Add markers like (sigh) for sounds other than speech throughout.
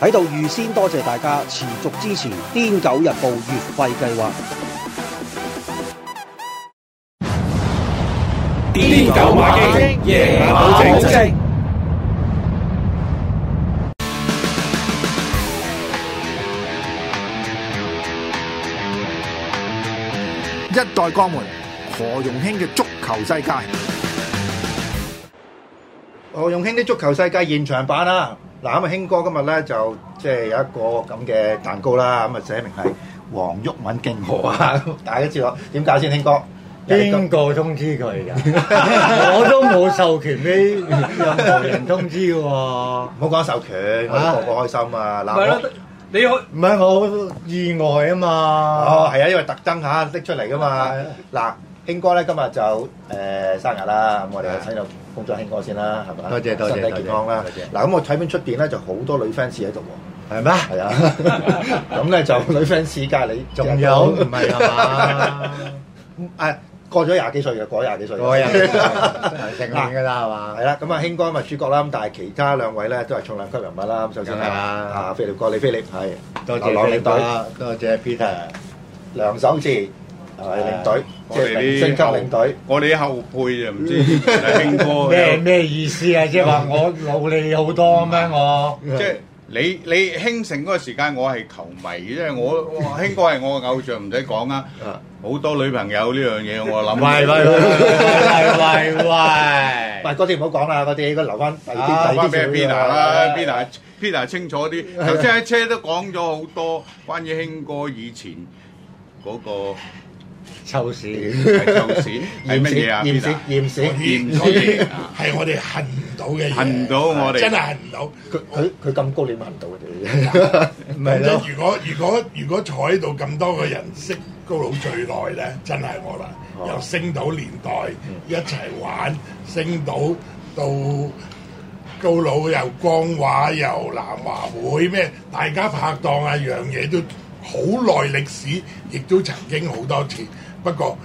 在這裏預先多謝大家持續支持《癲狗日報月費計劃》。癲狗馬經，夜馬保證。一代鋼門何容興的足球世界，何容興的足球世界現場版啊！嗱咁啊，興哥今日咧就即係有一個咁嘅蛋糕啦，咁啊寫明係黃玉敏敬賀啊，大家知我點搞先，興哥邊個通知佢嘅？我都冇授權俾任何人通知喎，唔好講授權，我都好開心啊！嗱，你可唔係我好意外啊嘛？哦，係啊，因為特登嚇拎出嚟噶嘛，嗱。興哥咧今日就誒生日啦，咁我哋喺度慶祝興哥先啦，係嘛？多謝多謝，身體健康啦！嗱，咁我睇邊出邊咧，就好多女 fans 喺度喎，係咩？係啊，咁咧就女 fans 加你，仲有唔係啊？誒，過咗廿幾歲嘅，過廿幾歲，過廿幾歲，定年嘅啦係嘛？係啦，咁啊，興哥咪主角啦，咁但係其他兩位咧都係重量級人物啦，首先係啦，啊，輝立哥，李輝立係，多謝兩靚仔，多謝 Peter 梁守志。係領隊，我哋啲升級領隊，我哋啲後輩就唔知。阿興哥咩咩意思啊？即係話我努力好多咩我，即係你你興盛嗰個時間，我係球迷，即係我我興哥係我個偶像，唔使講啦。好多女朋友呢樣嘢，我諗喂喂喂喂，喂嗰啲唔好講啦，嗰啲應該留翻第二第二邊啊，邊啊邊啊清楚啲。頭先喺車都講咗好多關於興哥以前嗰個。臭屎，臭屎係乜嘢啊？厭死厭死厭死，係我哋恨唔到嘅，恨唔到我哋真係恨唔到佢。佢咁高你恨唔到啊？唔係啦，如果如果如果坐喺度咁多個人識高佬最耐咧，真係我啦，由星島年代一齊玩，星島到高佬又光華又南華會咩？大家拍檔啊，樣嘢都好耐歷史，亦都曾經好多次。不過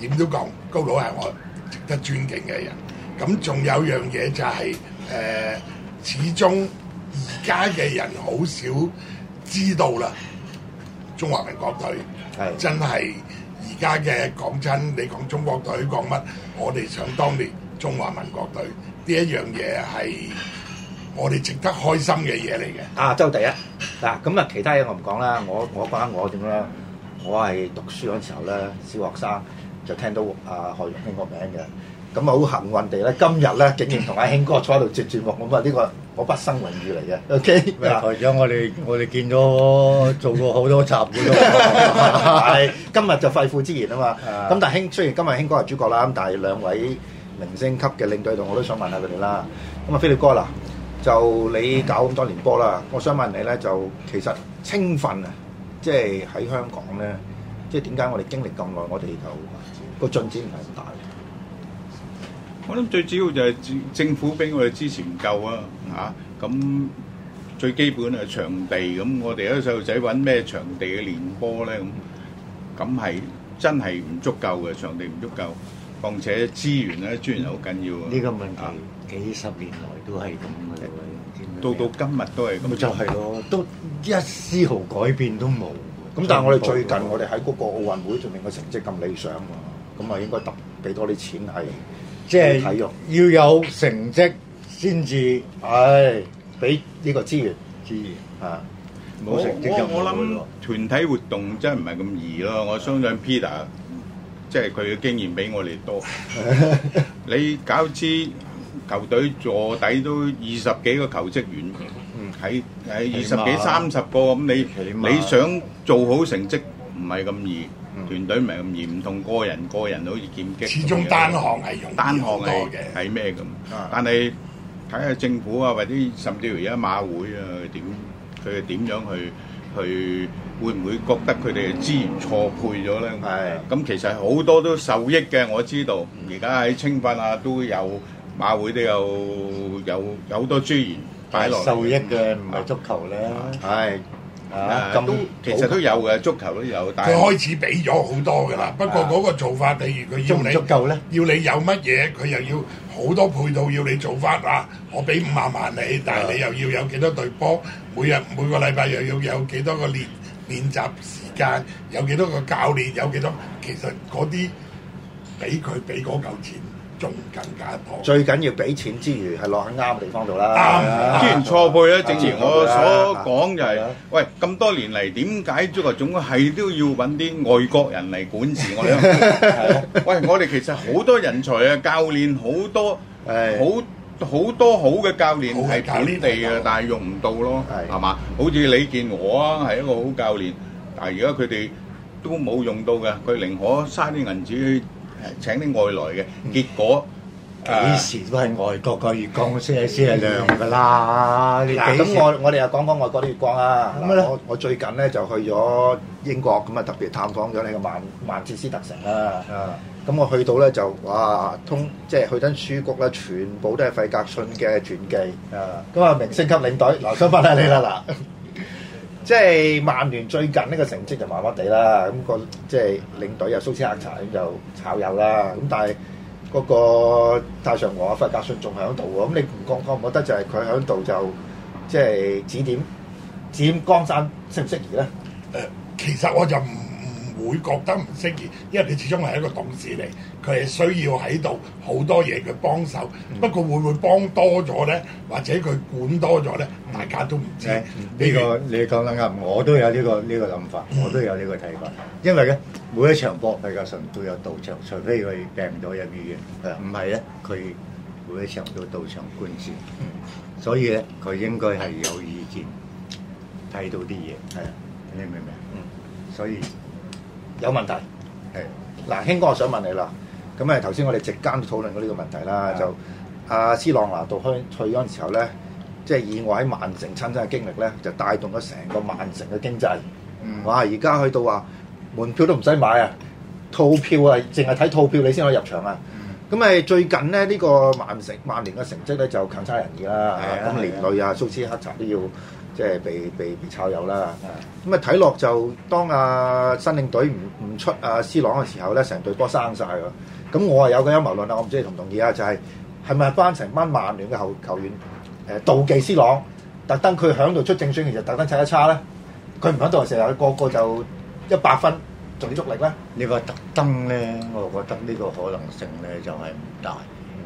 點都講，高佬係我值得尊敬嘅人。咁仲有樣嘢就係誒，始終而家嘅人好少知道啦。中華民國隊係真係而家嘅講真，你講中國隊講乜？我哋想當年中華民國隊呢一樣嘢係我哋值得開心嘅嘢嚟嘅。亞洲第一嗱，咁啊其他嘢我唔講啦。我我講下我點樣啦。我係讀書嗰時候咧，小學生就聽到阿何容興個名嘅，咁啊好幸運地咧，今日咧竟然同阿興哥坐喺度接節目，我話呢個我畢生榮譽嚟嘅。OK，台長，我哋我哋見咗做過好多集嘅，係今日就肺腑之言啊嘛。咁但係興雖然今日興哥係主角啦，咁但係兩位明星級嘅領隊同我都想問下佢哋啦。咁啊，飛鳥哥啦，就你搞咁多年波啦，我想問你咧，就其實青訓啊。即係喺香港咧，即係點解我哋經歷咁耐，我哋就個進展唔係咁大？我諗最主要就係政政府俾我哋支持唔夠啊！嚇，咁最基本係場地咁，我哋啲細路仔揾咩場地嘅練波咧咁，咁係真係唔足夠嘅，場地唔足夠，況且資源咧資源又好緊要啊！呢個問題幾十年來都係咁嘅。到到今日都係咁、嗯，咪就係、是、咯，都一絲毫改變都冇。咁但係我哋最近我哋喺嗰個奧運會上面個成績咁理想喎，咁啊應該揼俾多啲錢，係即係體育要有成績先至係俾呢個資源資源啊！冇成績我我諗團體活動真係唔係咁易咯。我相信 Peter 即係佢嘅經驗比我哋多。 (laughs) 你搞知？球隊坐底都二十幾個球職員，喺、嗯、喺二十幾三十個咁你你想做好成績唔係咁易、嗯，團隊唔係咁易，唔同個人個人好似劍擊，始終單項係容易好多嘅，係咩咁？但係睇下政府啊，或者甚至乎而家馬會啊，點佢係點樣去去？會唔會覺得佢哋資源錯配咗咧？咁、嗯、其實好多都受益嘅，我知道而家喺青訓啊都有。馬會都有有有好多資源擺落嚟，收益嘅唔係足球咧。係啊，都其實都有嘅，足球都有。佢開始俾咗好多㗎啦，不過嗰個做法，譬如佢要你足夠咧，要你有乜嘢，佢又要好多配套要你做翻啦。我俾五萬萬你，但係你又要有幾多隊波，每日每個禮拜又要有幾多個練練習時間，有幾多個教練，有幾多，其實嗰啲俾佢俾嗰嚿錢。仲更加多，最緊要俾錢之餘係落喺啱嘅地方度啦。啱，既然錯配咧，正如我所講就係。喂，咁多年嚟點解足球總係都要揾啲外國人嚟管治？我哋，喂，我哋其實好多人才啊，教練好多誒，好好多好嘅教練係本地嘅，但係用唔到咯，係嘛？好似李健和啊，係一個好教練，但係而家佢哋都冇用到嘅，佢寧可嘥啲銀紙。誒請啲外來嘅，結果幾、嗯、時都係外國嘅月光先係先係亮㗎啦！咁、嗯、我我哋又講講外國啲月光啊！嗱，我我最近咧就去咗英國，咁啊特別探訪咗你個曼曼徹斯特城啦。咁、啊啊、我去到咧就哇，通即係去親書局咧，全部都係費格遜嘅傳記。啊！咁啊，明星級領隊， (laughs) 來張拍下你啦！嗱。 (laughs) 即係曼聯最近呢個成績就麻麻地啦，咁、那個即係領隊又蘇斯克柴咁就炒魷啦，咁但係嗰個太上皇阿、阿費格遜仲喺度喎，咁你唔覺覺唔覺得就係佢喺度就即係指點指點江山適唔適宜咧？誒、呃，其實我就唔會覺得唔適宜，因為你始終係一個董事嚟，佢係需要喺度好多嘢嘅幫手、嗯。不過會唔會幫多咗咧，或者佢管多咗咧，大家都唔知。呢、嗯嗯呢個你講得啱，我都有呢、呢個呢、呢個諗法，我都有呢個睇法、嗯。因為咧，每一場波費格臣都有到場，除非佢病咗入醫院，係啊，唔係咧，佢每一場都到場觀戰。所以咧，佢應該係有意見睇到啲嘢，係啊，你明唔明啊？嗯，所以。有問題，係嗱，興哥我想問你啦，咁啊頭先我哋直間都討論過呢個問題啦，就阿、啊、斯朗拿到開賽嗰陣時候咧，即係意外喺曼城親身嘅經歷咧，就帶動咗成個曼城嘅經濟、嗯，哇！而家去到話門票都唔使買啊，套票啊，淨係睇套票你先可以入場啊，咁、嗯、啊最近咧呢、這個曼城曼聯嘅成績咧就強差人意啦，咁連累啊蘇斯克查都要。即係被被被炒魷啦，咁啊睇落就當阿新領隊唔唔出阿 C 朗嘅時候咧，成隊波生晒。咁我啊有個陰謀論啦，我唔知你同唔同意啊？就係係咪關成班曼聯嘅後球員誒、呃、妒忌 C 朗，特登佢響度出正選，其實特登踢得差咧。佢唔響度事啊，佢個個就一百分，仲要喐力咧。你話特登咧，我覺得呢個可能性咧就係、是、唔大，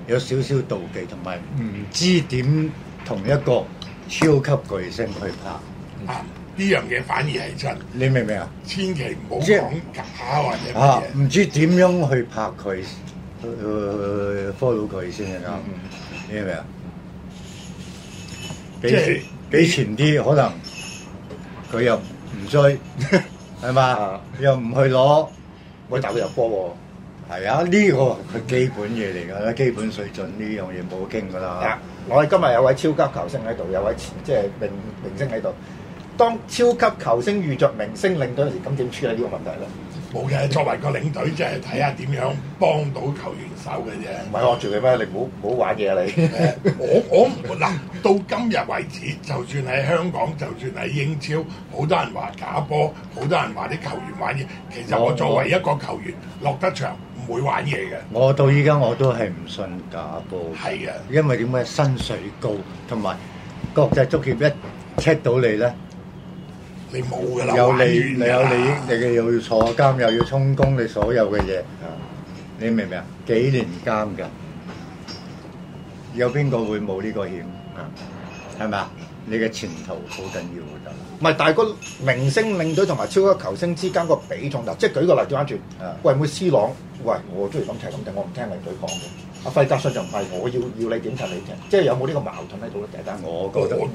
有少少妒忌同埋唔知點同一個。超級巨星去拍，啊！呢樣嘢反而係真，你明唔明啊？千祈唔好講假或者乜嘢。嚇，唔知點樣去拍佢，誒誒誒 follow 佢先係你明唔明啊？即俾錢啲，可能佢又唔追，係 (laughs) 嘛是吧？ (laughs) 又唔去攞，我 (laughs) 就入波喎。係啊，呢、啊呢個佢基本嘢嚟㗎啦，基本水準呢樣嘢冇傾㗎啦。我哋今日有位超級球星喺度，有位即係明明星喺度。當超級球星遇着明星領隊陣時，咁點處理呢個問題咧？冇嘅，作為個領隊，即係睇下點樣幫到球員手嘅啫。唔係惡住佢咩？你唔好唔好玩嘢啊你！你 (laughs) 我我嗱，到今日為止，就算喺香港，就算喺英超，好多人話假波，好多人話啲球員玩嘢。其實我作為一個球員，落得場。會玩嘢嘅，我到依家我都係唔信假波。係啊，因為點解薪水高同埋國際足協一 check 到你咧，你冇㗎喇，有利你有利益，你又要坐監又要充公，你所有嘅嘢，你明唔明啊？幾年監㗎，有邊個會冇呢個險啊？係咪啊？你嘅前途好緊要㗎，唔係，但係個明星領隊同埋超級球星之間個比重，嗱，即係舉個例子翻轉，喂，唔冇 C 朗，喂，我中意咁踢。咁定，我唔聽領隊講嘅。阿、啊、費格遜就唔係，我要要你點踢？你踢，即係有冇呢個矛盾喺度咧？一，單，我覺得我唔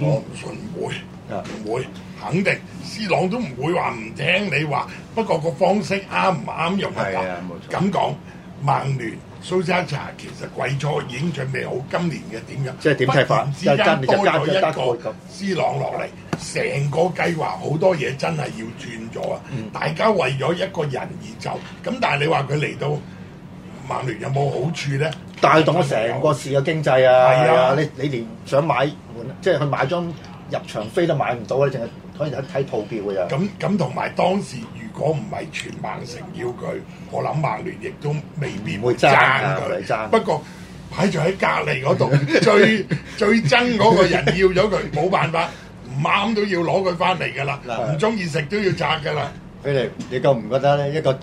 會，唔會，肯定 C 朗都唔會話唔聽你話，不過個方式啱唔啱用法，咁講，曼聯。蘇嘉茶其實季初已經準備好今年嘅點樣，即係點睇法？忽然之間多咗一個 C 朗落嚟，成個計劃好多嘢真係要轉咗啊！大家為咗一個人而走，咁但係你話佢嚟到曼聯有冇好處咧？帶動咗成個市嘅經濟啊！係啊，你你連想買，即係去買張入場飛都買唔到啊！淨係。可以一睇套票嘅又咁咁同埋當時如果唔係全曼城要佢，我諗曼聯亦都未必會爭佢。不過擺住喺隔離嗰度，最最憎嗰個人要咗佢，冇辦法，唔啱都要攞佢翻嚟㗎啦。唔中意食都要爭㗎啦。輝立，你覺唔覺得咧？一個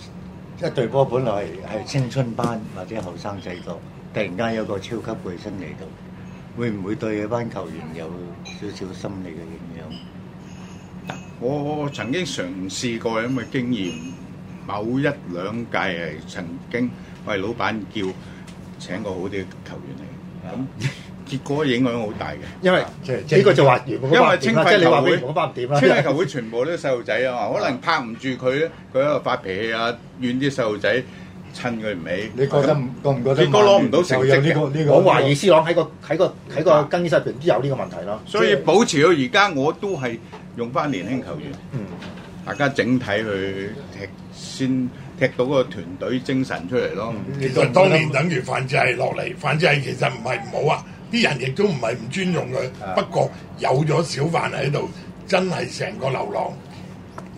一隊波本來係青春班或者後生仔度，突然間有個超級巨星嚟到，會唔會對嗰班球員有少少心理嘅影響？我曾經嘗試過咁嘅經驗，某一兩屆係曾經為板，喂，老闆叫請個好啲嘅球員嚟，咁結果影響好大嘅。因為呢個就話，因為青訓球會，青訓球會，球會全部都細路仔啊嘛，可能拍唔住佢，佢喺度發脾氣啊，怨啲細路仔。趁佢唔起，你不、啊、覺得唔覺唔覺得？你都攞唔到成績嘅、呢個呢個，我懷疑思朗喺個喺、個喺個,個,個,個更衣室入邊都有呢個問題咯。所以保持到而家，我都係用翻年輕球員、嗯，大家整體去踢，先踢到個團隊精神出嚟咯、嗯。其實當年等於范志毅落嚟，范志毅其實唔係唔好啊，啲人亦都唔係唔尊重佢，不過有咗小范喺度，真係成個流浪。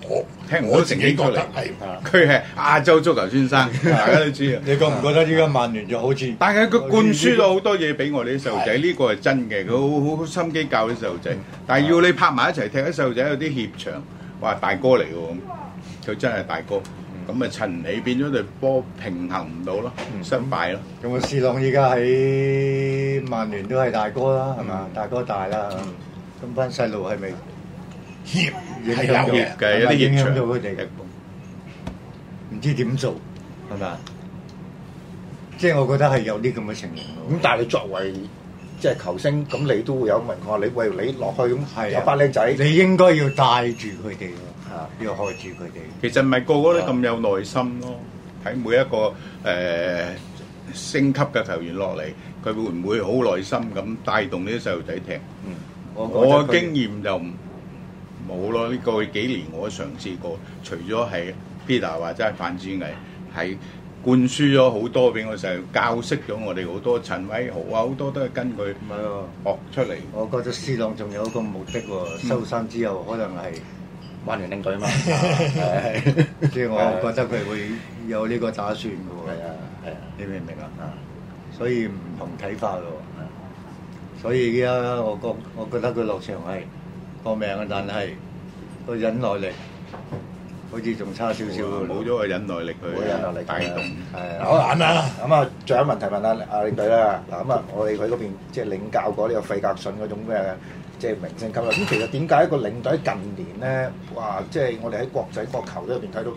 我聽我都自己覺得係，佢係亞洲足球先生，大家都知啊。你覺唔覺得依家曼聯就好似？但係佢灌輸咗好多嘢俾我哋啲細路仔，呢個係真嘅。佢好好心機教啲細路仔，但係要你拍埋一齊踢，啲細路仔有啲怯場，話大哥嚟喎，佢真係大哥。咁咪襯唔起，變咗對波平衡唔到咯，失敗咯。咁啊，斯朗依家喺曼聯都係大哥啦，係嘛？大哥大啦，咁班細路係咪？協亦係有嘅，係咪影響咗佢哋？唔知點做係咪啊？即係我覺得係有啲咁嘅情形咯。咁但係作為即係球星，咁你都會有問佢話：你喂你落去咁有八靚仔，你應該要帶住佢哋咯，要開住佢哋。其實唔係個個都咁有耐心咯。喺每一個誒升級嘅球員落嚟，佢會唔會好耐心咁帶動呢啲細路仔踢？嗯，我我嘅經驗就。冇咯，呢、這個幾年我都嘗試過。除咗係 Peter 或者係范志毅係灌輸咗好多俾我成日，教識咗我哋好多陳偉豪啊，好多都係跟佢學出嚟、啊。我覺得思朗仲有一個目的喎、嗯，收山之後可能係萬年領隊啊嘛。即 (laughs) 係 (laughs) (laughs) 我覺得佢會有呢個打算嘅喎。啊，係啊，你明唔明啊，啊？所以唔同睇法嘅喎。所以而家我覺，我覺得佢落場係。個名啊，但係個忍耐力好似仲差少少。冇咗個忍耐力，佢冇忍耐力帶動。好難啊！咁啊，最後一個問題問下阿領隊啦。嗱，咁啊，我哋佢嗰邊即係領教過呢個費格遜嗰種咩，即係明星級啦。咁其實點解一個領隊近年咧，哇！即係我哋喺國際國球咧入邊睇到，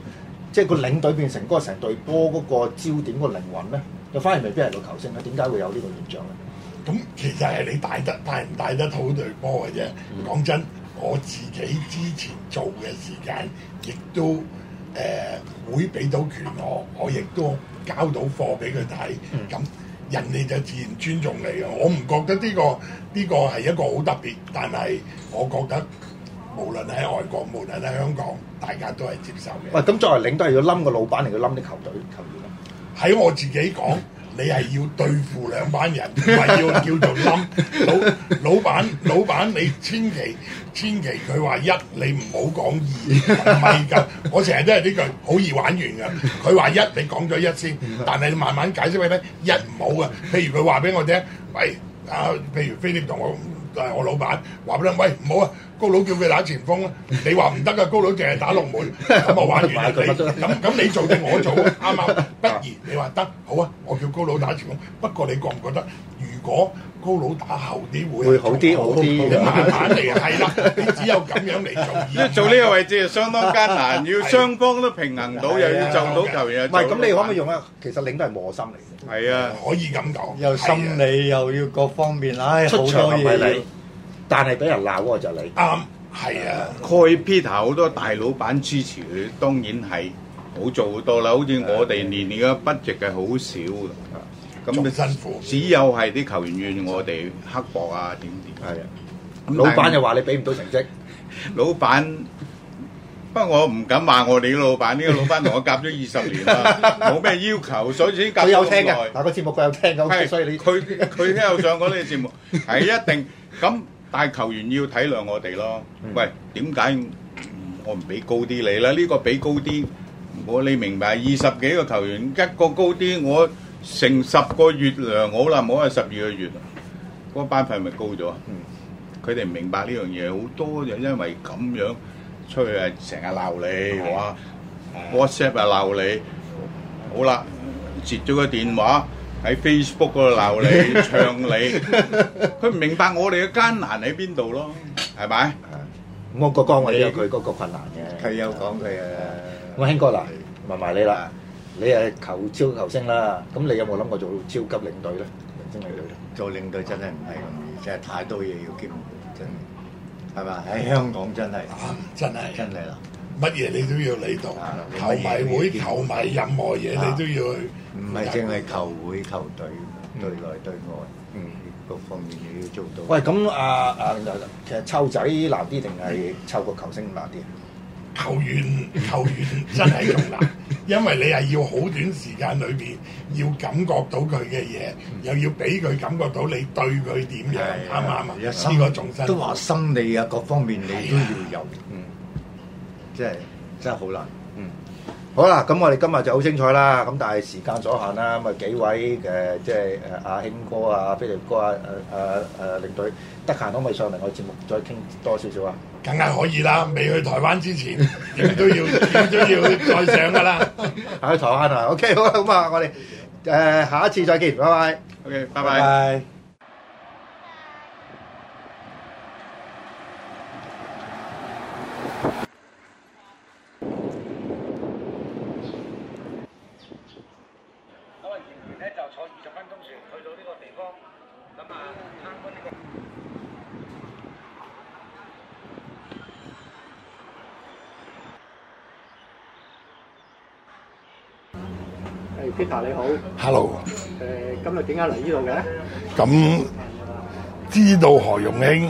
即係個領隊變成嗰成隊波嗰個焦點個靈魂咧，就反而未必係個球星咧。點解會有呢個現象咧？咁其實係你帶得帶唔帶得好隊波嘅啫。講、嗯、真，我自己之前做嘅時間，亦都誒、呃、會俾到權我，我亦都交到貨俾佢睇。咁、嗯、人哋就自然尊重你啊！我唔覺得呢、這個呢、這個係一個好特別，但係我覺得無論喺外國，無論喺香港，大家都係接受嘅。喂、嗯，咁作為領導，係要冧個老闆定要冧啲球隊球員啊？喺我自己講。嗯你係要對付兩班人，唔係要叫做心老老闆老闆，老闆你千祈千祈佢話一，你唔好講二，唔係㗎。我成日都係呢句好易玩完㗎。佢話一，你講咗一先，但係慢慢解釋佢咧，一唔好㗎。譬如佢話俾我聽，喂啊，譬如輝立同我係我老闆話俾你聽，喂，唔好啊。高佬叫佢打前鋒啊，你話唔得啊，高佬淨係打龍門，咁我玩完佢你。咁咁你做定我做啱嗎？不如你話得，好啊，我叫高佬打前鋒。不過你覺唔覺得，如果高佬打後啲會會好啲好啲？慢慢嚟係啦，你只有咁樣嚟做。做呢個位置就相當艱難，要雙方都平衡到，又要做到球又唔係咁，你可唔可以用啊？其實你都係磨心嚟嘅。係啊，可以咁講。又心理又要各方面，唉，好多嘢。出場唔係你。但係俾人鬧喎就是、你啱係、嗯、啊，蓋 Peter 好多大老闆支持佢，當然係好做到啦。好似我哋年年嘅 budget 嘅好少咁你、啊、辛苦，只有係啲球員怨我哋刻薄啊點點係啊、嗯，老闆又話你俾唔到成績，老闆不過我唔敢話我哋老闆，呢 (laughs) 個老闆同我夾咗二十年啦，冇 (laughs) 咩要求，所以夾得耐。佢有聽嘅，嗱個節目佢有聽嘅，所以你佢佢都有上過呢個節目，係 (laughs) 一定咁。嗌球員要體諒我哋咯，喂，點解我唔俾高啲你咧？呢個俾高啲，我你明白二十幾個球員一個高啲，我成十個月糧，好啦，冇啊十二個月，嗰班費咪高咗？佢哋唔明白呢樣嘢好多，就因為咁樣出去係成日鬧你，哇，WhatsApp 啊鬧你，好啦，接咗個電話。喺 Facebook 嗰度鬧你、唱你，佢唔明白我哋嘅艱難喺邊度咯，係咪？我個崗位都有佢個個困難嘅，佢有講佢嘅。我興哥啦問埋你啦，你係球超球星啦，咁你有冇諗過做超級領隊咧？做領隊真係唔係容易，真係太多嘢要兼，真係係咪？喺香港真係，真係，真係啦。乜嘢你都要嚟到，球迷會球迷任何嘢你都要去。唔係淨係球會球隊對內、嗯、對外對外，嗯，各方面你要做到。喂，咁阿阿其實湊仔難啲定係湊個球星難啲啊？球員球員真係咁難， (laughs) 因為你係要好短時間裏面，要感覺到佢嘅嘢，又要俾佢感覺到你對佢點樣啱唔啱啊？身個重心都話心理啊，各方面你都要有。真係真係好難，嗯。好啦，咁我哋今日就好精彩啦。咁但係時間所限啦，咁啊幾位誒，即係阿興哥啊、輝立哥啊、誒誒誒領隊，得閒可唔可以上嚟我哋節目再傾多少少啊？梗係可以啦，未去台灣之前，你都要，你都要再上噶啦，喺台灣啊。OK，好啦，咁啊，我哋誒下一次再見，拜拜。OK，拜拜。Peter 你好，Hello。誒，今日點解嚟呢度嘅？咁知道何容興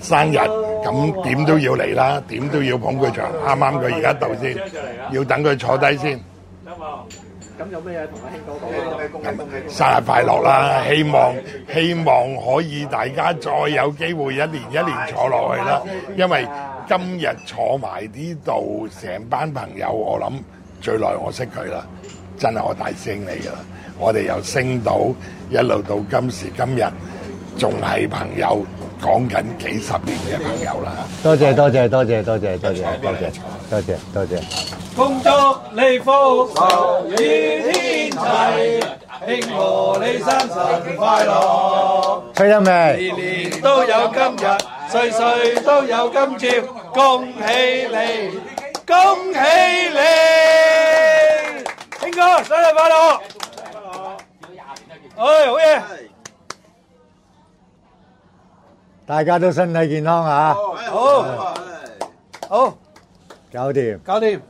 生日，咁點都要嚟啦，點都要捧佢場。啱啱佢而家到先，要等佢坐低先。咁，咁有咩同阿興講嘅嘅工作嘅？生日快樂啦！希望希望可以大家再有機會一年一年坐落去啦。因為今日坐埋呢度成班朋友，我諗最耐我識佢啦。真係我大聲嚟嘅啦！我哋由升到一路到今時今日，仲係朋友，講緊幾十年嘅朋友啦！多謝多謝多謝多謝多謝多謝多謝多謝多謝！恭祝你福壽與天齊，慶賀你生辰快樂！開心未？年年都有今日，歲歲都有今朝，恭喜你，恭喜你！興哥，生日快樂！生日快樂！有廿年啦，哎，好嘢！大家都身體健康啊！好，好，搞掂，搞掂。